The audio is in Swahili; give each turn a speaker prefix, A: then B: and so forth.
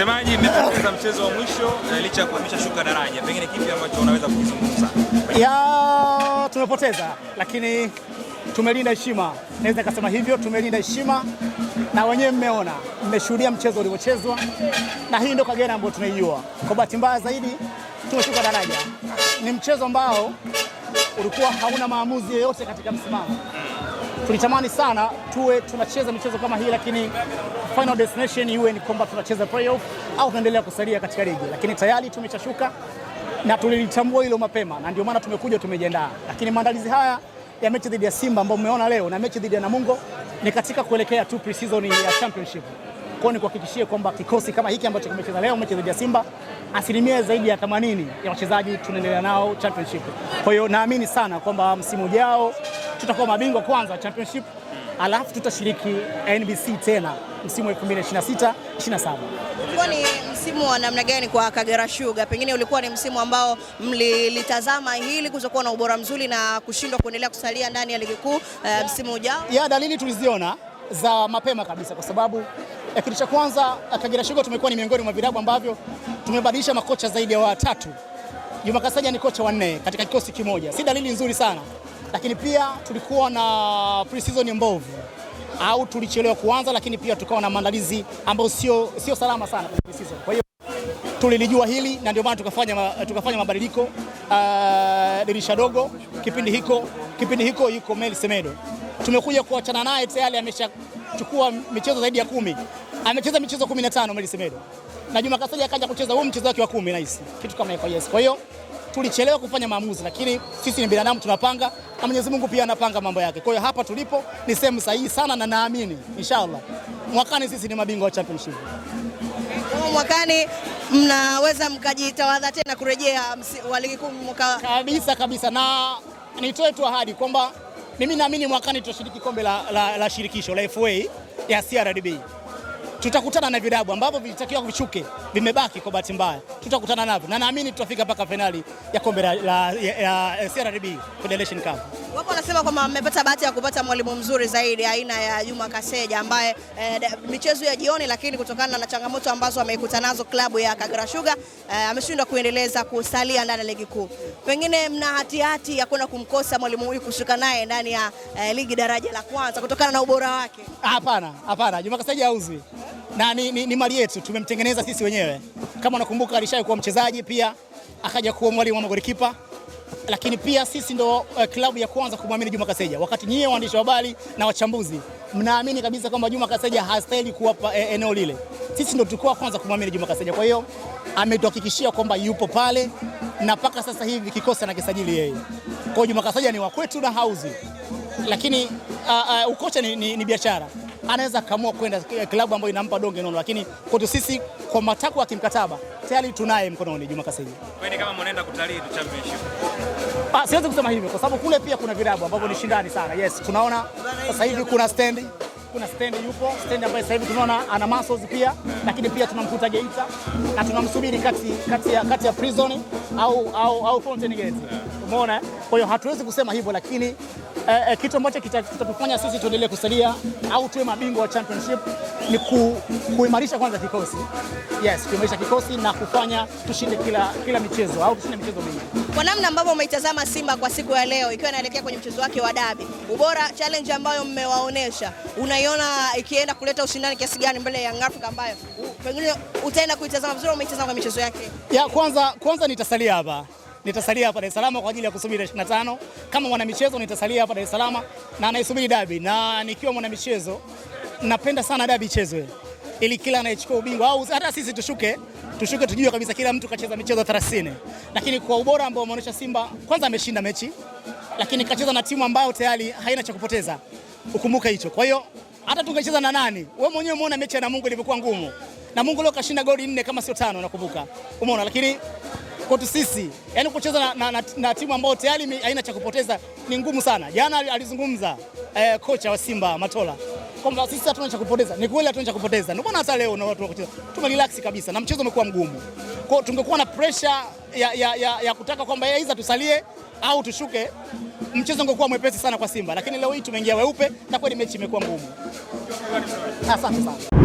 A: Msemaji, mmepoteza mchezo wa mwisho na licha ya kuhamisha shuka daraja, pengine kipi ambacho unaweza kukizungumza?
B: Ya, tumepoteza lakini tumelinda heshima, naweza kusema hivyo, tumelinda heshima na wenyewe mmeona, mmeshuhudia mchezo ulivyochezwa, na hii ndio Kagera ambayo tunaijua. Kwa bahati mbaya zaidi tumeshuka daraja. Ni mchezo ambao ulikuwa hauna maamuzi yoyote katika msimamo tulitamani sana tuwe tunacheza michezo kama hii, lakini final destination iwe ni kwamba tunacheza playoff au tunaendelea kusalia katika ligi, lakini tayari tumechashuka na tulilitambua hilo mapema, na ndio maana tumekuja tumejiandaa. Lakini maandalizi haya ya mechi dhidi ya Simba ambayo umeona leo na mechi dhidi ya Namungo ni katika kuelekea tu pre-season ya championship. Kwa ni kuhakikishia kwamba kikosi kama hiki ambacho kimecheza leo mechi dhidi ya Simba, asilimia zaidi ya 80 ya wachezaji tunaendelea nao championship. Kwa hiyo naamini sana kwamba msimu ujao tutakuwa mabingwa kwanza wa championship alafu tutashiriki NBC tena msimu 2026 27.
C: Ulikuwa ni msimu wa namna gani kwa Kagera Sugar? Pengine ulikuwa ni msimu ambao mlilitazama hili kuzokuwa na ubora mzuri na kushindwa kuendelea kusalia ndani ya ligi kuu uh, msimu ujao?
B: Ya dalili tuliziona za mapema kabisa, kwa sababu eh, kitu cha kwanza eh, Kagera Sugar tumekuwa ni miongoni mwa vilabu ambavyo tumebadilisha makocha zaidi ya watatu. Juma Kasaja ni kocha wanne katika kikosi kimoja, si dalili nzuri sana lakini pia tulikuwa na pre-season mbovu au tulichelewa kuanza, lakini pia tukawa na maandalizi ambayo sio sio salama sana kwenye pre-season. Kwa hiyo tulilijua hili na ndio maana tukafanya, tukafanya mabadiliko uh, dirisha dogo kipindi hiko, kipindi hiko yuko Mel Semedo, tumekuja kuachana naye tayari ameshachukua michezo zaidi ya kumi, amecheza michezo 15 Mel Semedo na Juma Kasaja akaja kucheza huu mchezo wake wa kumi, nahisi kitu kama hiyo Kwa hiyo tulichelewa kufanya maamuzi, lakini sisi ni binadamu tunapanga, na Mwenyezi Mungu pia anapanga mambo yake. Kwa hiyo hapa tulipo ni sehemu sahihi sana, na naamini inshallah mwakani sisi ni mabingwa wa championship.
C: mwakani mnaweza mkajitawadha tena kurejea wa ligi kuu mwaka
B: kabisa kabisa, na nitoe tu ahadi kwamba mimi naamini mwakani tutashiriki kombe la, la, la shirikisho la FA ya CRDB tutakutana na vilabu ambavyo vilitakiwa vishuke vimebaki kwa bahati mbaya, tutakutana navyo na naamini tutafika mpaka fainali ya kombe la, la, ya, ya CRDB Federation Cup.
C: Wapo wanasema kwamba mmepata bahati ya kupata mwalimu mzuri zaidi aina ya Juma Kaseja ambaye eh, michezo ya jioni, lakini kutokana na changamoto ambazo ameikuta nazo klabu ya Kagera Sugar eh, ameshindwa kuendeleza kusalia ndani ya ligi kuu. Pengine mna hatihati ya kwenda kumkosa mwalimu huyu kushuka naye ndani ya eh, ligi daraja la kwanza kutokana na ubora wake?
B: Hapana, hapana, Juma Kaseja auzi na ni, ni, ni mali yetu, tumemtengeneza sisi wenyewe. Kama unakumbuka, alishawahi kuwa mchezaji pia akaja kuwa mwalimu wa magolikipa, lakini pia sisi ndo uh, klabu ya kwanza kumwamini Juma Kaseja, wakati nyie waandishi wa habari na wachambuzi mnaamini kabisa kwamba Juma Kaseja hastahili kuwapa eh, eneo lile, sisi ndo tulikuwa kwanza kumwamini Juma Kaseja. Kwa hiyo ametuhakikishia kwamba yupo pale na mpaka sasa hivi kikosi anakisajili yeye. Kwa hiyo Juma Kaseja ni wakwetu na hauzi, lakini uh, uh, ukocha ni, ni, ni biashara anaweza akaamua kwenda klabu ambayo inampa donge nono, lakini kwetu sisi kwa matakwa ya kimkataba tayari tunaye mkononi Juma Kasiji.
A: Kwani kama mnaenda kutalii tu championship?
B: Ah, siwezi kusema hivyo kwa sababu kule pia kuna vilabu ambavyo ni shindani sana. Yes, tunaona sasa hivi kuna stendi kuna stendi yupo stendi ambayo sasa hivi tunaona ana muscles pia, lakini pia tunamkuta Geita na tunamsubiri kati, kati, kati ya prison au, au, au Fountain Gate umeona. Kwa hiyo hatuwezi kusema hivyo, lakini eh, eh, kitu ambacho kitatufanya sisi tuendelee kusalia au tuwe mabingwa wa championship ni ku, kuimarisha kwanza kikosi yes, kuimarisha kikosi na kufanya tushinde kila, kila michezo au tushinde michezo mingi.
C: Kwa namna ambavyo umeitazama Simba kwa siku ya leo ikiwa inaelekea kwenye mchezo wake wa dabi, ubora challenge ambayo mmewaonesha, unaiona ikienda kuleta ushindani kiasi gani mbele ya Young Africa ambayo pengine utaenda kuitazama vizuri, umeitazama kwa michezo yake
B: ya kwanza? Kwanza nitasalia hapa nitasalia hapa Dar es Salaam kwa ajili ya kusubiri 25. Kama mwanamichezo nitasalia hapa Dar es Salaam na naisubiri dabi, na nikiwa mwanamichezo napenda sana dabi ichezwe ili kila anayechukua ubingwa au hata sisi tushuke tushuke tujue kabisa kila mtu kacheza michezo 30, lakini kwa ubora ambao ameonyesha Simba, kwanza ameshinda mechi, lakini kacheza na timu ambayo tayari haina cha kupoteza. Ukumbuke hicho. Kwa hiyo hata tungecheza na nani, wewe mwenyewe umeona mechi ya Namungo ilivyokuwa ngumu. Namungo leo kashinda goli nne kama sio tano, nakumbuka umeona, lakini kwetu sisi, yaani kucheza na, na, na, na timu ambayo tayari haina cha kupoteza ni ngumu sana. Jana alizungumza eh, kocha wa Simba Matola kwamba sisi hatuna cha kupoteza. Ni kweli hatuna cha kupoteza, ndio maana hata leo na watu wakucheza tume relax kabisa na mchezo umekuwa mgumu. Kwa tungekuwa na pressure ya, ya, ya, ya kutaka kwamba aidha tusalie au tushuke, mchezo ungekuwa mwepesi sana kwa Simba, lakini leo hii tumeingia weupe na kweli mechi imekuwa ngumu. Asante sana.